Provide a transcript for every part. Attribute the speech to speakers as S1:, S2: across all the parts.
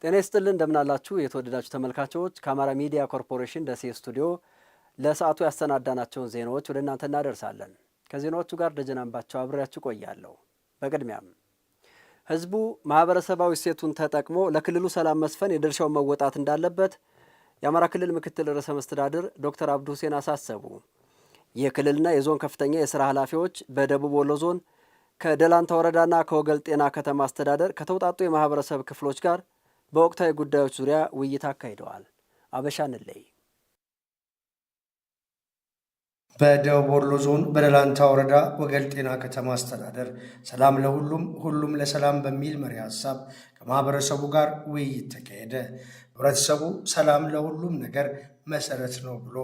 S1: ጤና ይስጥልን እንደምናላችሁ የተወደዳችሁ ተመልካቾች፣ ከአማራ ሚዲያ ኮርፖሬሽን ደሴ ስቱዲዮ ለሰዓቱ ያሰናዳናቸውን ዜናዎች ወደ እናንተ እናደርሳለን። ከዜናዎቹ ጋር ደጀናንባቸው አብሬያችሁ ቆያለሁ። በቅድሚያም ህዝቡ ማህበረሰባዊ እሴቱን ተጠቅሞ ለክልሉ ሰላም መስፈን የድርሻውን መወጣት እንዳለበት የአማራ ክልል ምክትል ርዕሰ መስተዳድር ዶክተር አብዱ ሁሴን አሳሰቡ። የክልልና የዞን ከፍተኛ የስራ ኃላፊዎች በደቡብ ወሎ ዞን ከደላንታ ወረዳና ከወገል ጤና ከተማ አስተዳደር ከተውጣጡ የማህበረሰብ ክፍሎች ጋር በወቅታዊ ጉዳዮች ዙሪያ ውይይት አካሂደዋል። አበሻንለይ
S2: በደቡብ ወሎ ዞን በደላንታ ወረዳ ወገል ጤና ከተማ አስተዳደር ሰላም ለሁሉም ሁሉም ለሰላም በሚል መሪ ሀሳብ ከማህበረሰቡ ጋር ውይይት ተካሄደ። ህብረተሰቡ ሰላም ለሁሉም ነገር መሰረት ነው ብሎ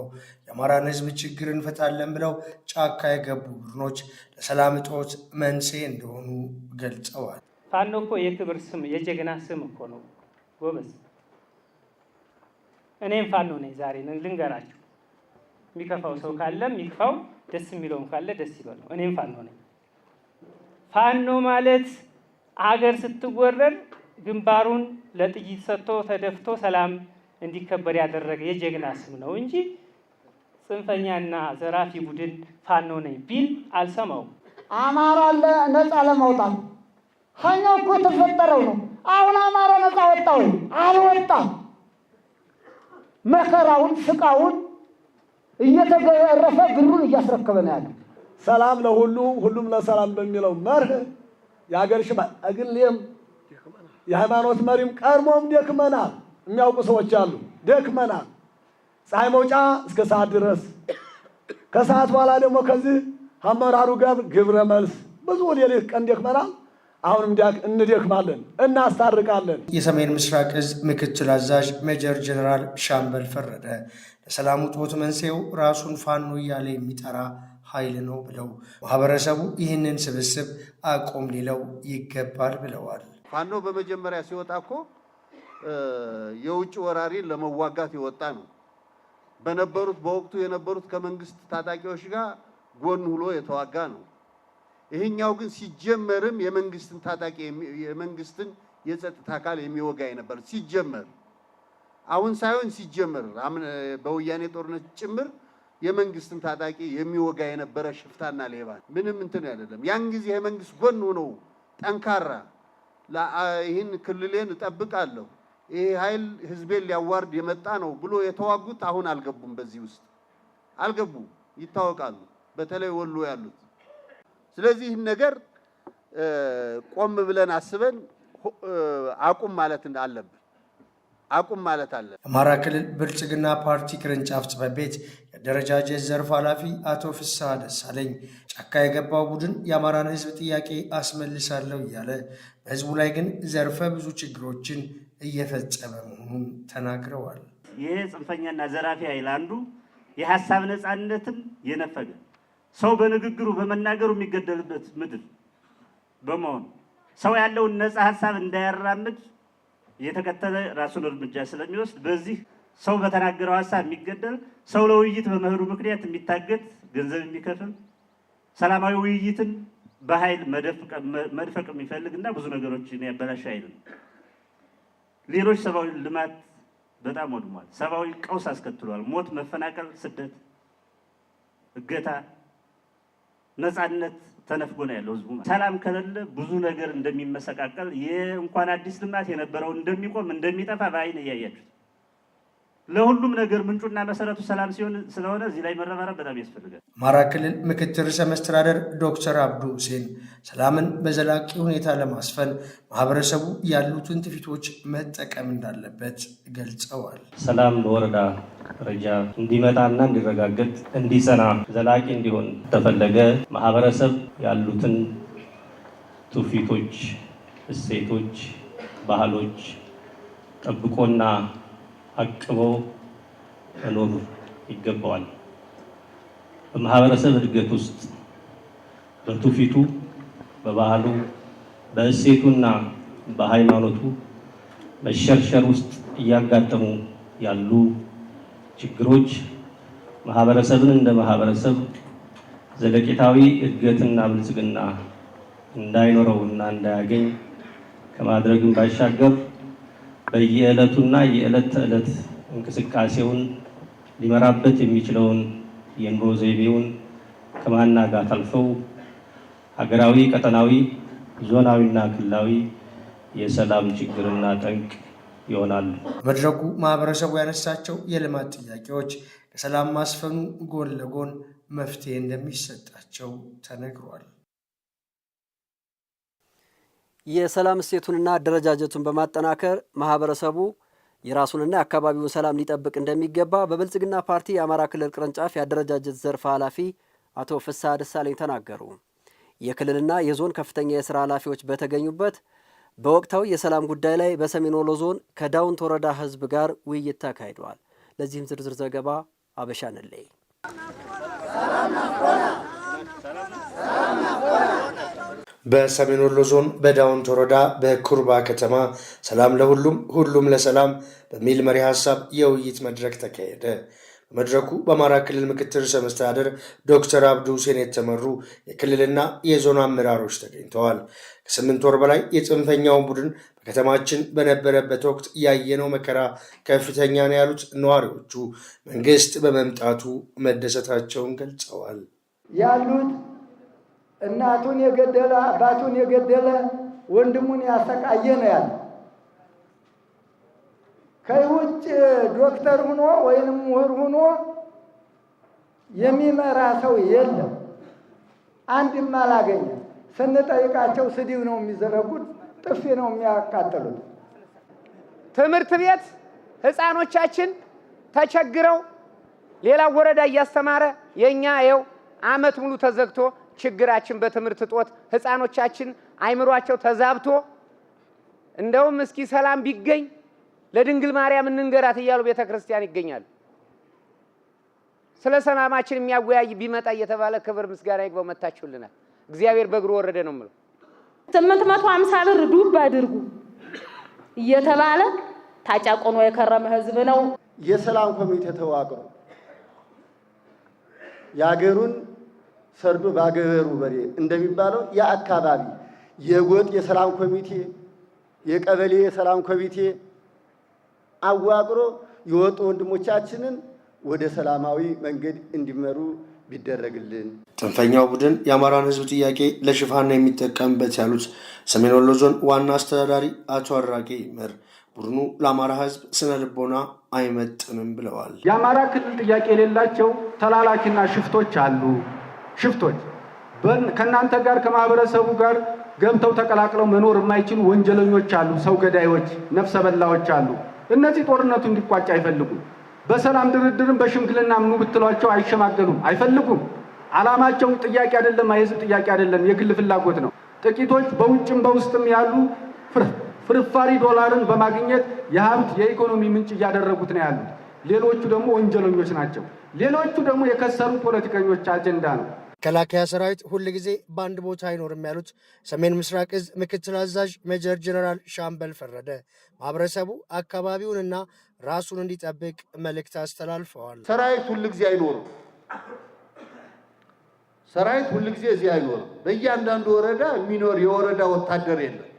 S2: የአማራን ህዝብ ችግር እንፈታለን ብለው ጫካ የገቡ ቡድኖች ለሰላም እጦት መንስኤ እንደሆኑ ገልጸዋል።
S3: ፋኖ እኮ የክብር ስም የጀግና ስም እኮ ነው ጎበዝ። እኔም ፋኖ ነኝ ዛሬ ልንገራችሁ። የሚከፋው ሰው ካለ የሚከፋው፣ ደስ የሚለውም ካለ ደስ ይበለው። እኔም ፋኖ ነኝ። ፋኖ ማለት አገር ስትወረር ግንባሩን ለጥይት ሰጥቶ ተደፍቶ ሰላም እንዲከበር ያደረገ የጀግና ስም ነው እንጂ ጽንፈኛና ዘራፊ ቡድን ፋኖ ነኝ ቢል አልሰማውም።
S4: አማራ ነፃ ለማውጣት ሀኛው እኮ የተፈጠረው ነው። አሁን አማራ ነፃ ወጣ ወይ? አልወጣም። መከራውን ስቃውን እየተገረፈ ብሩን እያስረከበ ነው ያለው።
S2: ሰላም ለሁሉ ሁሉም ለሰላም በሚለው መርህ የሀገር ሽማግሌም የሃይማኖት መሪም ቀድሞም ደክመናል። የሚያውቁ ሰዎች አሉ። ደክመናል፣ ፀሐይ መውጫ እስከ ሰዓት ድረስ፣ ከሰዓት በኋላ ደግሞ ከዚህ አመራሩ ጋር ግብረ መልስ ብዙ ሌሊት ቀን ደክመናል። አሁንም እንደክማለን፣ እናስታርቃለን። የሰሜን ምስራቅ እዝ ምክትል አዛዥ ሜጀር ጀነራል ሻምበል ፈረደ ለሰላሙ ጦት መንስኤው ራሱን ፋኖ እያለ የሚጠራ ኃይል ነው ብለው ማህበረሰቡ ይህንን ስብስብ አቆም ሊለው ይገባል ብለዋል።
S5: ፋኖ በመጀመሪያ ሲወጣ እኮ የውጭ ወራሪን ለመዋጋት የወጣ ነው። በነበሩት በወቅቱ የነበሩት ከመንግስት ታጣቂዎች ጋር ጎን ሁሎ የተዋጋ ነው። ይህኛው ግን ሲጀመርም የመንግስትን ታጣቂ የመንግስትን የጸጥታ አካል የሚወጋ ነበር ሲጀመር አሁን ሳይሆን ሲጀመር በወያኔ ጦርነት ጭምር የመንግስትን ታጣቂ የሚወጋ የነበረ ሽፍታና ሌባ ምንም እንትን አይደለም። ያን ጊዜ የመንግስት ጎን ሆነው ጠንካራ ይህን ክልሌን እጠብቃለሁ ይህ ኃይል ህዝቤን ሊያዋርድ የመጣ ነው ብሎ የተዋጉት አሁን አልገቡም፣ በዚህ ውስጥ አልገቡም፣ ይታወቃሉ፣ በተለይ ወሎ ያሉት። ስለዚህ ይህን ነገር ቆም ብለን አስበን አቁም ማለት አለብን። አቁም ማለት አለ።
S2: አማራ ክልል ብልጽግና ፓርቲ ቅርንጫፍ ጽሕፈት ቤት የአደረጃጀት ዘርፍ ኃላፊ አቶ ፍስሐ ደሳለኝ ጫካ የገባው ቡድን የአማራን ህዝብ ጥያቄ አስመልሳለሁ እያለ በህዝቡ ላይ ግን ዘርፈ ብዙ ችግሮችን እየፈጸመ መሆኑን ተናግረዋል።
S6: ይህ ጽንፈኛና ዘራፊ ኃይል አንዱ የሀሳብ ነፃነትን የነፈገ ሰው በንግግሩ በመናገሩ የሚገደልበት ምድር በመሆኑ ሰው ያለውን ነፃ ሀሳብ እንዳያራምድ የተከተለ ራሱን እርምጃ ስለሚወስድ በዚህ ሰው በተናገረው ሀሳብ የሚገደል ሰው ለውይይት በመሄዱ ምክንያት የሚታገት ገንዘብ የሚከፍል ሰላማዊ ውይይትን በኃይል መድፈቅ የሚፈልግ እና ብዙ ነገሮችን ያበላሽ ኃይል ነው። ሌሎች ሰብአዊ ልማት በጣም ወድሟል። ሰብአዊ ቀውስ አስከትሏል። ሞት፣ መፈናቀል፣ ስደት፣ እገታ፣ ነፃነት ተነፍጎ ነው ያለው ህዝቡ። ሰላም ከሌለ ብዙ ነገር እንደሚመሰቃቀል እንኳን አዲስ ልማት የነበረውን እንደሚቆም እንደሚጠፋ በአይን እያያችሁት ለሁሉም ነገር ምንጩና መሰረቱ ሰላም ሲሆን ስለሆነ እዚህ ላይ መረባረብ በጣም ያስፈልጋል።
S2: አማራ ክልል ምክትል ርዕሰ መስተዳደር ዶክተር አብዱ ሁሴን ሰላምን በዘላቂ ሁኔታ ለማስፈን ማህበረሰቡ ያሉትን ትውፊቶች መጠቀም እንዳለበት ገልጸዋል።
S7: ሰላም በወረዳ ደረጃ እንዲመጣና እንዲረጋገጥ፣ እንዲሰና ዘላቂ እንዲሆን ተፈለገ ማህበረሰብ ያሉትን ትውፊቶች፣ እሴቶች፣ ባህሎች ጠብቆና አቅበው መኖር ይገባዋል። በማህበረሰብ እድገት ውስጥ በትውፊቱ፣ በባህሉ፣ በእሴቱና በሃይማኖቱ መሸርሸር ውስጥ እያጋጠሙ ያሉ ችግሮች ማህበረሰብን እንደ ማህበረሰብ ዘለቄታዊ እድገትና ብልጽግና እንዳይኖረው እና እንዳያገኝ ከማድረግም ባሻገር በየዕለቱና የዕለት ተዕለት እንቅስቃሴውን ሊመራበት የሚችለውን የኑሮ ዘይቤውን ከማናጋት አልፈው ሀገራዊ፣ ቀጠናዊ፣ ዞናዊና ክልላዊ የሰላም ችግርና ጠንቅ ይሆናሉ።
S2: በመድረኩ ማህበረሰቡ ያነሳቸው የልማት ጥያቄዎች ከሰላም ማስፈኑ ጎን ለጎን መፍትሄ እንደሚሰጣቸው ተነግሯል።
S1: የሰላም እሴቱንና አደረጃጀቱን በማጠናከር ማህበረሰቡ የራሱንና የአካባቢውን ሰላም ሊጠብቅ እንደሚገባ በብልጽግና ፓርቲ የአማራ ክልል ቅርንጫፍ የአደረጃጀት ዘርፍ ኃላፊ አቶ ፍስሐ ደሳለኝ ተናገሩ። የክልልና የዞን ከፍተኛ የስራ ኃላፊዎች በተገኙበት በወቅታዊ የሰላም ጉዳይ ላይ በሰሜን ወሎ ዞን ከዳውንት ወረዳ ህዝብ ጋር ውይይት ተካሂደዋል። ለዚህም ዝርዝር ዘገባ አበሻንለይ
S2: በሰሜን ወሎ ዞን በዳውንት ወረዳ በኩርባ ከተማ ሰላም ለሁሉም ሁሉም ለሰላም በሚል መሪ ሀሳብ የውይይት መድረክ ተካሄደ። በመድረኩ በአማራ ክልል ምክትል ርዕሰ መስተዳደር ዶክተር አብዱ ሁሴን የተመሩ የክልልና የዞን አመራሮች ተገኝተዋል። ከስምንት ወር በላይ የጽንፈኛውን ቡድን በከተማችን በነበረበት ወቅት ያየነው መከራ ከፍተኛ ነው ያሉት ነዋሪዎቹ መንግስት በመምጣቱ መደሰታቸውን ገልጸዋል።
S8: ያሉት እናቱን የገደለ አባቱን የገደለ ወንድሙን ያሰቃየ ነው ያለ። ከውጭ ዶክተር ሁኖ ወይም ምሁር ሁኖ የሚመራ ሰው የለም። አንድም አላገኘም። ስንጠይቃቸው ስድብ ነው የሚዘረጉት፣ ጥፊ ነው የሚያቃጥሉት።
S9: ትምህርት ቤት ህፃኖቻችን ተቸግረው ሌላ ወረዳ እያስተማረ የእኛ የው አመት ሙሉ ተዘግቶ ችግራችን በትምህርት እጦት ህፃኖቻችን አይምሯቸው ተዛብቶ እንደውም እስኪ ሰላም ቢገኝ ለድንግል ማርያም እንንገራት እያሉ ቤተ ክርስቲያን ይገኛሉ። ስለ ሰላማችን የሚያወያይ ቢመጣ እየተባለ ክብር ምስጋና ይግባው መታችሁልናል። እግዚአብሔር በእግሩ ወረደ ነው የምለው።
S10: ስምንት መቶ ሀምሳ ብር ዱብ አድርጉ እየተባለ ታጫቆኖ የከረመ ህዝብ ነው።
S8: የሰላም ኮሚቴ ተዋቅሮ የአገሩን ፈርዶ ባገበሩ በሬ እንደሚባለው ያ አካባቢ የጎጥ የሰላም ኮሚቴ፣ የቀበሌ የሰላም ኮሚቴ አዋቅሮ የወጡ ወንድሞቻችንን ወደ ሰላማዊ መንገድ እንዲመሩ ቢደረግልን።
S2: ጽንፈኛው ቡድን የአማራን ሕዝብ ጥያቄ ለሽፋና የሚጠቀምበት ያሉት ሰሜን ወሎ ዞን ዋና አስተዳዳሪ አቶ አራቂ መር ቡድኑ ለአማራ ሕዝብ ስነ ልቦና አይመጥንም ብለዋል።
S5: የአማራ ክልል ጥያቄ የሌላቸው ተላላኪና ሽፍቶች አሉ። ሽፍቶች ከእናንተ ጋር ከማህበረሰቡ ጋር ገብተው ተቀላቅለው መኖር የማይችሉ ወንጀለኞች አሉ፣ ሰው ገዳዮች፣ ነፍሰ በላዎች አሉ። እነዚህ ጦርነቱ እንዲቋጭ አይፈልጉም። በሰላም ድርድርም በሽምግልና ምኑ ብትሏቸው አይሸማገሉም፣ አይፈልጉም። አላማቸው ጥያቄ አይደለም፣ የህዝብ ጥያቄ አይደለም፣ የግል ፍላጎት ነው። ጥቂቶች በውጭም በውስጥም ያሉ ፍርፋሪ ዶላርን በማግኘት የሀብት የኢኮኖሚ ምንጭ እያደረጉት ነው ያሉት። ሌሎቹ ደግሞ ወንጀለኞች ናቸው። ሌሎቹ ደግሞ የከሰሩ ፖለቲከኞች አጀንዳ ነው።
S1: መከላከያ ሰራዊት ጊዜ በአንድ ቦታ አይኖርም ያሉት ሰሜን ምስራቅ እዝ ምክትል አዛዥ ሜጀር ጀነራል ሻምበል ፈረደ ማህበረሰቡ አካባቢውንና ራሱን እንዲጠብቅ መልእክት አስተላልፈዋል።
S5: ሰራዊት ጊዜ አይኖርም። ሰራዊት ጊዜ እዚህ አይኖርም። በእያንዳንዱ ወረዳ የሚኖር የወረዳ ወታደር የለም።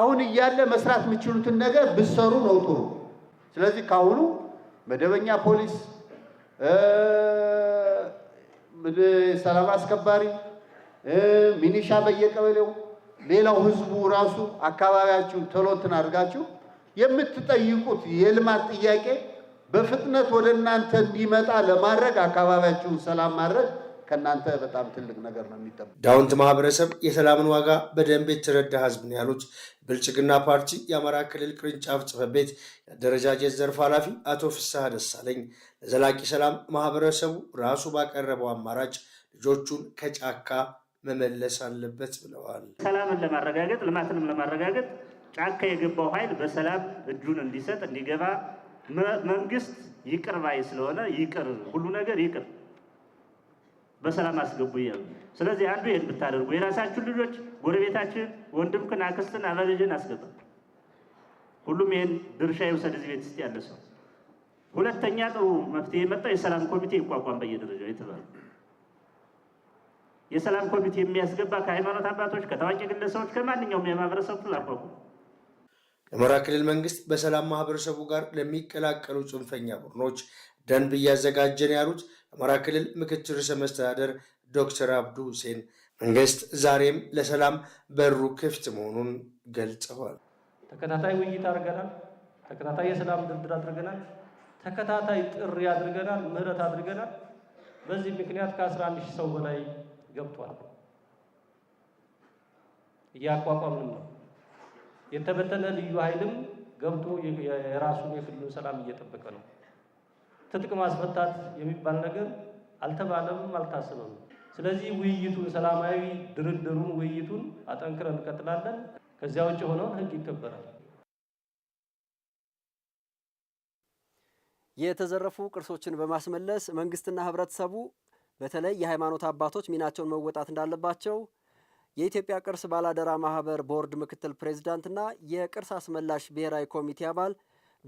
S5: አሁን እያለ መስራት የምችሉትን ነገር ብሰሩ ነው ጥሩ። ስለዚህ ከአሁኑ መደበኛ ፖሊስ ሰላም አስከባሪ ሚኒሻ በየቀበሌው ሌላው ህዝቡ ራሱ አካባቢያችሁ ተሎትን አድርጋችሁ የምትጠይቁት የልማት ጥያቄ በፍጥነት ወደ እናንተ እንዲመጣ ለማድረግ አካባቢያችሁን ሰላም ማድረግ ከእናንተ በጣም ትልቅ ነገር ነው የሚጠበቅ።
S2: ዳውንት ማህበረሰብ የሰላምን ዋጋ በደንብ የተረዳ ህዝብ ነው ያሉት ብልጽግና ፓርቲ የአማራ ክልል ቅርንጫፍ ጽሕፈት ቤት የአደረጃጀት ዘርፍ ኃላፊ አቶ ፍስሐ ደሳለኝ ለዘላቂ ሰላም ማህበረሰቡ ራሱ ባቀረበው አማራጭ ልጆቹን ከጫካ መመለስ አለበት ብለዋል።
S6: ሰላምን ለማረጋገጥ ልማትንም ለማረጋገጥ ጫካ የገባው ኃይል በሰላም እጁን እንዲሰጥ እንዲገባ መንግስት ይቅር ባይ ስለሆነ ይቅር፣ ሁሉ ነገር ይቅር፣ በሰላም አስገቡ እያሉ ስለዚህ አንዱ ይህን ብታደርጉ የራሳችሁን ልጆች ጎረቤታችን፣ ወንድምክን፣ አክስትን፣ አበልጅን አስገባ። ሁሉም ይህን ድርሻ የውሰድ እዚህ ቤት ውስጥ ያለ ሰው ሁለተኛ ጥሩ መፍትሄ የመጣ የሰላም ኮሚቴ ይቋቋም በየደረጃው የተባለ የሰላም ኮሚቴ የሚያስገባ ከሃይማኖት አባቶች፣ ከታዋቂ ግለሰቦች፣ ከማንኛውም የማህበረሰብ ክፍል አቋቁም።
S2: የአማራ ክልል መንግስት በሰላም ማህበረሰቡ ጋር ለሚቀላቀሉ ጽንፈኛ ቡድኖች ደንብ እያዘጋጀን ያሉት የአማራ ክልል ምክትል ርዕሰ መስተዳደር ዶክተር አብዱ ሁሴን መንግስት ዛሬም ለሰላም በሩ ክፍት መሆኑን ገልጸዋል።
S6: ተከታታይ ውይይት አድርገናል። ተከታታይ የሰላም ድርድር አድርገናል። ተከታታይ ጥሪ አድርገናል፣ ምህረት አድርገናል። በዚህ ምክንያት ከ11 ሺህ ሰው በላይ ገብቷል። እያቋቋምንም ነው። የተበተነ ልዩ ኃይልም ገብቶ የራሱን የክልሉን ሰላም እየጠበቀ ነው። ትጥቅ ማስፈታት የሚባል ነገር አልተባለም አልታሰበም። ስለዚህ ውይይቱን፣ ሰላማዊ ድርድሩን፣ ውይይቱን አጠንክረን እንቀጥላለን። ከዚያ ውጭ ሆነውን ህግ ይከበራል።
S1: የተዘረፉ ቅርሶችን በማስመለስ መንግስትና ህብረተሰቡ በተለይ የሃይማኖት አባቶች ሚናቸውን መወጣት እንዳለባቸው የኢትዮጵያ ቅርስ ባላደራ ማህበር ቦርድ ምክትል ፕሬዚዳንትና የቅርስ አስመላሽ ብሔራዊ ኮሚቴ አባል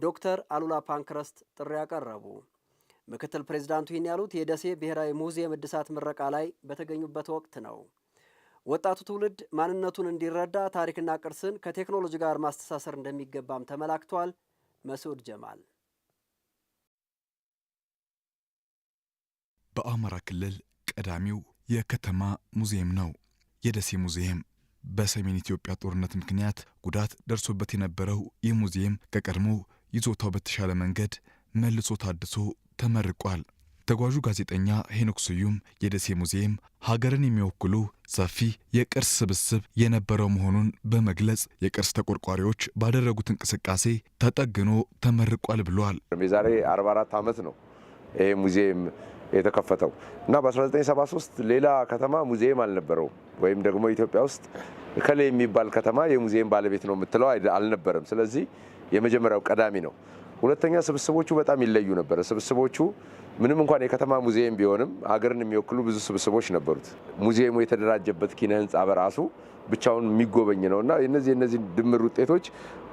S1: ዶክተር አሉላ ፓንክረስት ጥሪ ያቀረቡ። ምክትል ፕሬዚዳንቱ ይህን ያሉት የደሴ ብሔራዊ ሙዚየም እድሳት ምረቃ ላይ በተገኙበት ወቅት ነው። ወጣቱ ትውልድ ማንነቱን እንዲረዳ ታሪክና ቅርስን ከቴክኖሎጂ ጋር ማስተሳሰር እንደሚገባም ተመላክቷል። መስዑድ ጀማል
S11: በአማራ ክልል ቀዳሚው የከተማ ሙዚየም ነው። የደሴ ሙዚየም በሰሜን ኢትዮጵያ ጦርነት ምክንያት ጉዳት ደርሶበት የነበረው ይህ ሙዚየም ከቀድሞ ይዞታው በተሻለ መንገድ መልሶ ታድሶ ተመርቋል። ተጓዡ ጋዜጠኛ ሄኖክ ስዩም የደሴ ሙዚየም ሀገርን የሚወክሉ ሰፊ የቅርስ ስብስብ የነበረው መሆኑን በመግለጽ የቅርስ ተቆርቋሪዎች ባደረጉት እንቅስቃሴ ተጠግኖ ተመርቋል ብሏል።
S12: የዛሬ 44 ዓመት ነው ይሄ ሙዚየም የተከፈተው እና በ1973 ሌላ ከተማ ሙዚየም አልነበረውም ወይም ደግሞ ኢትዮጵያ ውስጥ እከሌ የሚባል ከተማ የሙዚየም ባለቤት ነው የምትለው አልነበረም። ስለዚህ የመጀመሪያው ቀዳሚ ነው። ሁለተኛ ስብስቦቹ በጣም ይለዩ ነበረ። ስብስቦቹ ምንም እንኳን የከተማ ሙዚየም ቢሆንም አገርን የሚወክሉ ብዙ ስብስቦች ነበሩት። ሙዚየሙ የተደራጀበት ኪነ ህንፃ በራሱ ብቻውን የሚጎበኝ ነው እና የነዚህ የነዚህ ድምር ውጤቶች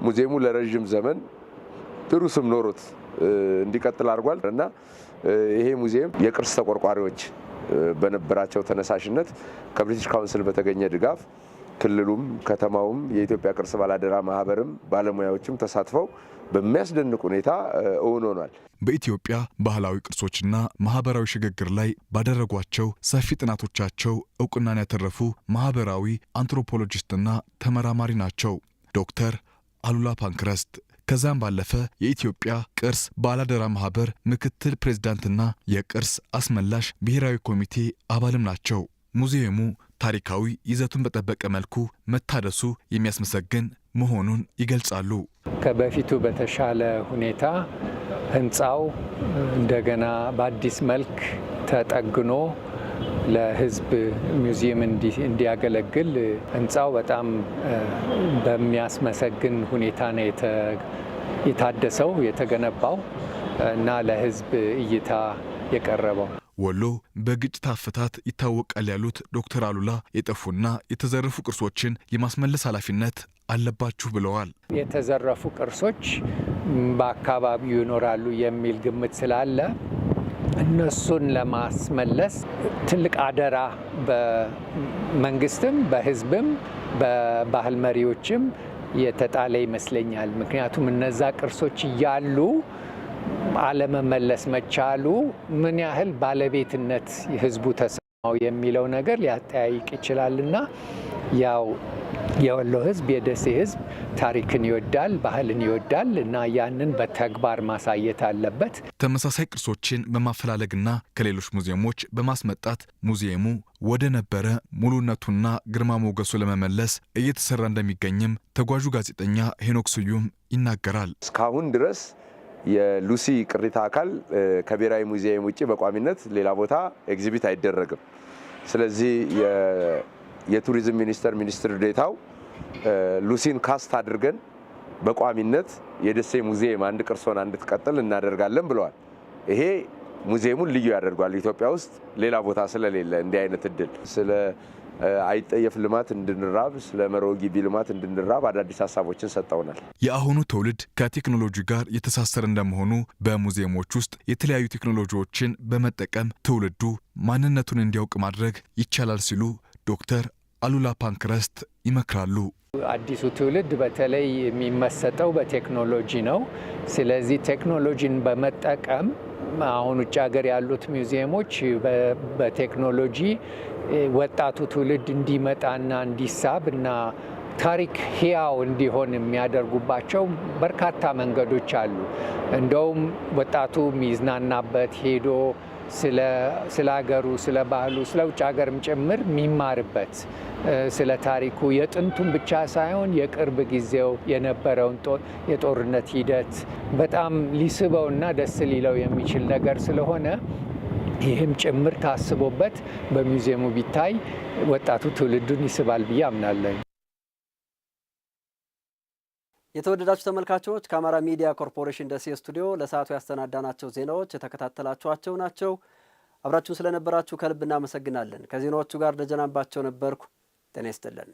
S12: ሙዚየሙ ለረዥም ዘመን ጥሩ ስም ኖሮት እንዲቀጥል አድርጓል እና ይሄ ሙዚየም የቅርስ ተቆርቋሪዎች በነበራቸው ተነሳሽነት ከብሪቲሽ ካውንስል በተገኘ ድጋፍ ክልሉም ከተማውም የኢትዮጵያ ቅርስ ባላደራ ማህበርም ባለሙያዎችም ተሳትፈው በሚያስደንቅ ሁኔታ እውን ሆኗል።
S11: በኢትዮጵያ ባህላዊ ቅርሶችና ማህበራዊ ሽግግር ላይ ባደረጓቸው ሰፊ ጥናቶቻቸው እውቅናን ያተረፉ ማህበራዊ አንትሮፖሎጂስትና ተመራማሪ ናቸው ዶክተር አሉላ ፓንክረስት ከዛም ባለፈ የኢትዮጵያ ቅርስ ባላደራ ማህበር ምክትል ፕሬዝዳንትና የቅርስ አስመላሽ ብሔራዊ ኮሚቴ አባልም ናቸው። ሙዚየሙ ታሪካዊ ይዘቱን በጠበቀ መልኩ መታደሱ የሚያስመሰግን መሆኑን ይገልጻሉ።
S13: ከበፊቱ በተሻለ ሁኔታ ህንፃው እንደገና በአዲስ መልክ ተጠግኖ ለህዝብ ሙዚየም እንዲያገለግል ህንፃው በጣም በሚያስመሰግን ሁኔታ ነው የታደሰው የተገነባው እና ለህዝብ እይታ የቀረበው።
S11: ወሎ በግጭት አፈታት ይታወቃል ያሉት ዶክተር አሉላ የጠፉና የተዘረፉ ቅርሶችን የማስመለስ ኃላፊነት አለባችሁ ብለዋል።
S14: የተዘረፉ ቅርሶች በአካባቢው ይኖራሉ የሚል ግምት ስላለ እነሱን ለማስመለስ ትልቅ አደራ በመንግስትም በህዝብም በባህል መሪዎችም የተጣለ ይመስለኛል። ምክንያቱም እነዛ ቅርሶች እያሉ አለመመለስ መቻሉ ምን ያህል ባለቤትነት ህዝቡ ተሰማው የሚለው ነገር ሊያጠያይቅ ይችላልና ያው የወሎ ህዝብ የደሴ ህዝብ ታሪክን ይወዳል፣ ባህልን ይወዳል እና ያንን በተግባር ማሳየት አለበት።
S11: ተመሳሳይ ቅርሶችን በማፈላለግና ከሌሎች ሙዚየሞች በማስመጣት ሙዚየሙ ወደ ነበረ ሙሉነቱና ግርማ ሞገሱ ለመመለስ እየተሰራ እንደሚገኝም ተጓዡ ጋዜጠኛ ሄኖክ ስዩም ይናገራል።
S12: እስካሁን ድረስ የሉሲ ቅሪታ አካል ከብሔራዊ ሙዚየም ውጭ በቋሚነት ሌላ ቦታ ኤግዚቢት አይደረግም። ስለዚህ የቱሪዝም ሚኒስቴር ሚኒስትር ዴታው ሉሲን ካስት አድርገን በቋሚነት የደሴ ሙዚየም አንድ ቅርሶን እንድትቀጥል እናደርጋለን ብለዋል። ይሄ ሙዚየሙን ልዩ ያደርጓል። ኢትዮጵያ ውስጥ ሌላ ቦታ ስለሌለ እንዲህ አይነት እድል ስለ አይጠየፍ ልማት እንድንራብ ስለ መሮ ግቢ ልማት እንድንራብ አዳዲስ ሀሳቦችን ሰጠውናል።
S11: የአሁኑ ትውልድ ከቴክኖሎጂ ጋር የተሳሰረ እንደመሆኑ በሙዚየሞች ውስጥ የተለያዩ ቴክኖሎጂዎችን በመጠቀም ትውልዱ ማንነቱን እንዲያውቅ ማድረግ ይቻላል ሲሉ ዶክተር አሉላ ፓንክረስት ይመክራሉ።
S14: አዲሱ ትውልድ በተለይ የሚመሰጠው በቴክኖሎጂ ነው። ስለዚህ ቴክኖሎጂን በመጠቀም አሁን ውጭ ሀገር ያሉት ሚውዚየሞች በቴክኖሎጂ ወጣቱ ትውልድ እንዲመጣና እንዲሳብ እና ታሪክ ህያው እንዲሆን የሚያደርጉባቸው በርካታ መንገዶች አሉ። እንደውም ወጣቱ የሚዝናናበት ሄዶ ስለ ሀገሩ፣ ስለ ባህሉ፣ ስለ ውጭ ሀገርም ጭምር የሚማርበት ስለ ታሪኩ የጥንቱን ብቻ ሳይሆን የቅርብ ጊዜው የነበረውን የጦርነት ሂደት በጣም ሊስበውና ደስ ሊለው የሚችል ነገር ስለሆነ ይህም ጭምር ታስቦበት በሚዚየሙ ቢታይ ወጣቱ ትውልዱን ይስባል ብዬ አምናለኝ።
S1: የተወደዳችሁ ተመልካቾች ከአማራ ሚዲያ ኮርፖሬሽን ደሴ ስቱዲዮ ለሰዓቱ ያሰናዳናቸው ዜናዎች የተከታተላችኋቸው ናቸው። አብራችሁን ስለነበራችሁ ከልብ እናመሰግናለን። ከዜናዎቹ ጋር ደጀናባቸው ነበርኩ። ጤና ይስጥልን።